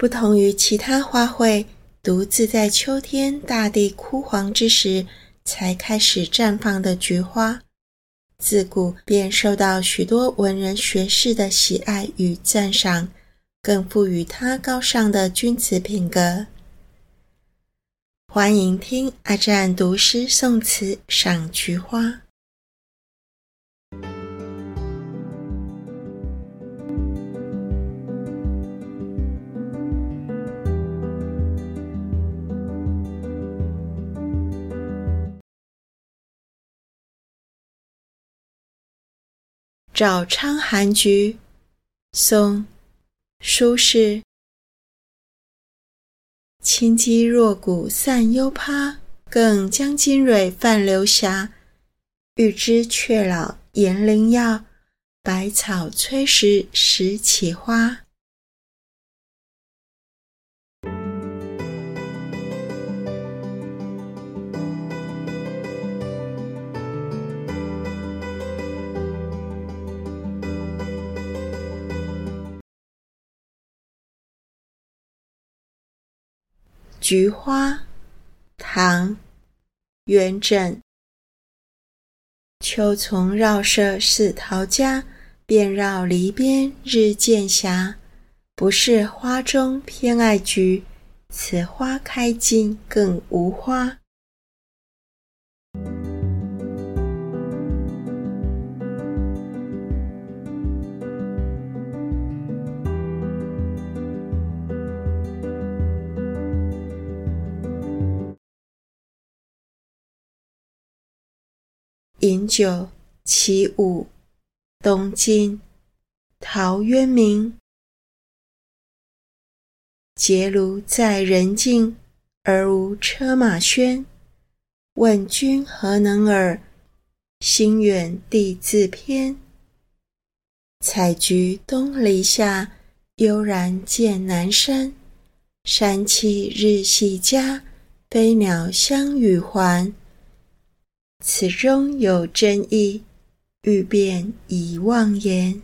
不同於其他花卉，獨自在秋天大地枯黃之時才開始綻放的菊花，自古便受到許多文人學士的喜愛與讚賞，更賦予它高尚的君子品格。歡迎聽阿占讀詩、宋詞、賞菊花。趙昌寒菊，宋·蘇軾。輕肌弱骨散幽葩，更將金蕊泛流霞。欲知卻老延齡藥，百草摧時始起花。菊花，唐，元稹。秋叢繞舍似陶家，遍繞籬邊日漸斜。不是花中偏愛菊，此花開盡更無花。飲酒，其五。東晉，陶淵明。結廬在人境，而無車馬喧。問君何能爾？心遠地自偏。採菊東籬下，悠然見南山。山氣日夕佳，飛鳥相與還。此中有真意，欲辨已忘言。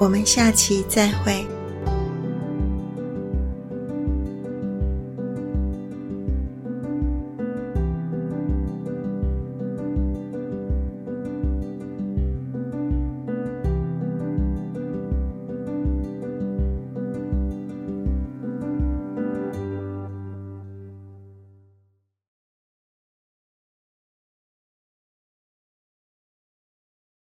我們下期再會。